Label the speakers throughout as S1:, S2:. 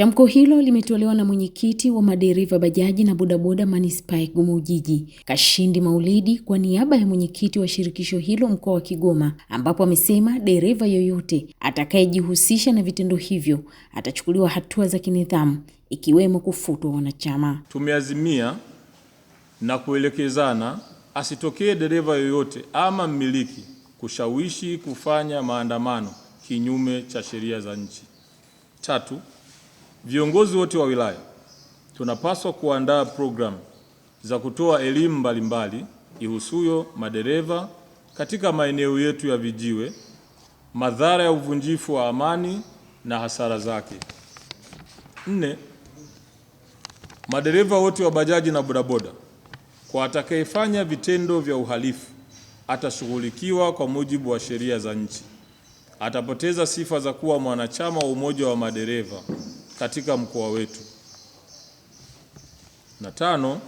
S1: Tamko hilo limetolewa na mwenyekiti wa madereva bajaji na bodaboda manispaa ya Kigoma Ujiji, Kashindi Maulidi, kwa niaba ya mwenyekiti wa shirikisho hilo mkoa wa Kigoma, ambapo amesema dereva yoyote atakayejihusisha na vitendo hivyo atachukuliwa hatua za kinidhamu ikiwemo kufutwa wanachama.
S2: Tumeazimia na kuelekezana asitokee dereva yoyote ama mmiliki kushawishi kufanya maandamano kinyume cha sheria za nchi. Tatu, Viongozi wote wa wilaya tunapaswa kuandaa programu za kutoa elimu mbalimbali ihusuyo madereva katika maeneo yetu ya vijiwe, madhara ya uvunjifu wa amani na hasara zake. Nne, madereva wote wa bajaji na bodaboda, kwa atakayefanya vitendo vya uhalifu atashughulikiwa kwa mujibu wa sheria za nchi. Atapoteza sifa za kuwa mwanachama wa umoja wa madereva katika mkoa wetu. Na tano,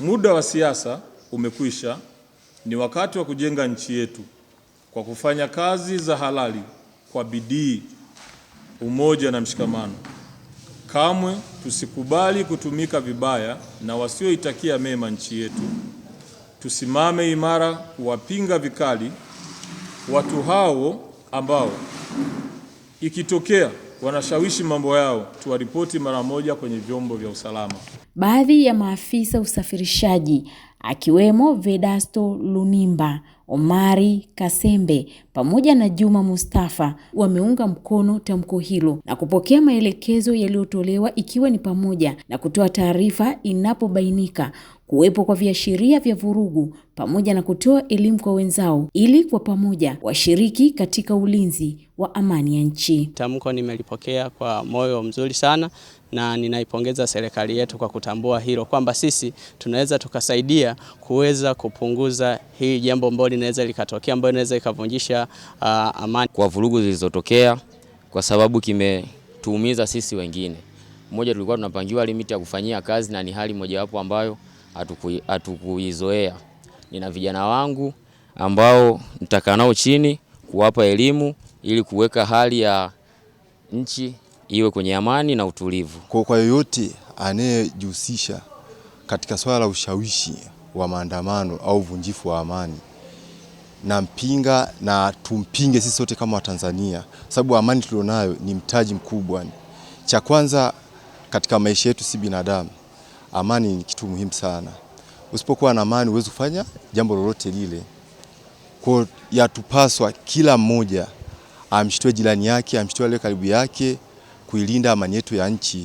S2: muda wa siasa umekwisha. Ni wakati wa kujenga nchi yetu kwa kufanya kazi za halali kwa bidii, umoja na mshikamano. Kamwe tusikubali kutumika vibaya na wasioitakia mema nchi yetu. Tusimame imara kuwapinga vikali watu hao ambao ikitokea wanashawishi mambo yao, tuwaripoti mara moja kwenye vyombo vya usalama.
S1: Baadhi ya maafisa usafirishaji akiwemo Vedasto Lunimba, Omari Kasembe pamoja na Juma Mustafa wameunga mkono tamko hilo na kupokea maelekezo yaliyotolewa ikiwa ni pamoja na kutoa taarifa inapobainika kuwepo kwa viashiria vya vurugu pamoja na kutoa elimu kwa wenzao ili kwa pamoja washiriki katika ulinzi wa amani ya nchi.
S3: Tamko nimelipokea kwa moyo mzuri sana na ninaipongeza serikali yetu kwa kutambua hilo kwamba sisi tunaweza tukasaidia kuweza kupunguza hii jambo ambalo linaweza likatokea ambalo linaweza ikavunjisha uh, amani
S4: kwa vurugu zilizotokea, kwa sababu kimetuumiza sisi wengine. Mmoja tulikuwa tunapangiwa limiti ya kufanyia kazi na ni hali mojawapo ambayo hatukuizoea. Nina vijana wangu ambao nitakaa nao chini kuwapa elimu ili kuweka hali ya nchi iwe kwenye amani na utulivu.
S5: kwa yoyote anayejihusisha katika swala la ushawishi wa maandamano au uvunjifu wa amani nampinga na tumpinge sisi sote kama Watanzania, sababu amani tulionayo ni mtaji mkubwa. Cha kwanza katika maisha yetu si binadamu, amani ni kitu muhimu sana. Usipokuwa na amani huwezi kufanya jambo lolote lile. Kwa yatupaswa kila mmoja amshitwe jirani yake, amshtue aliye karibu yake, kuilinda amani yetu ya nchi.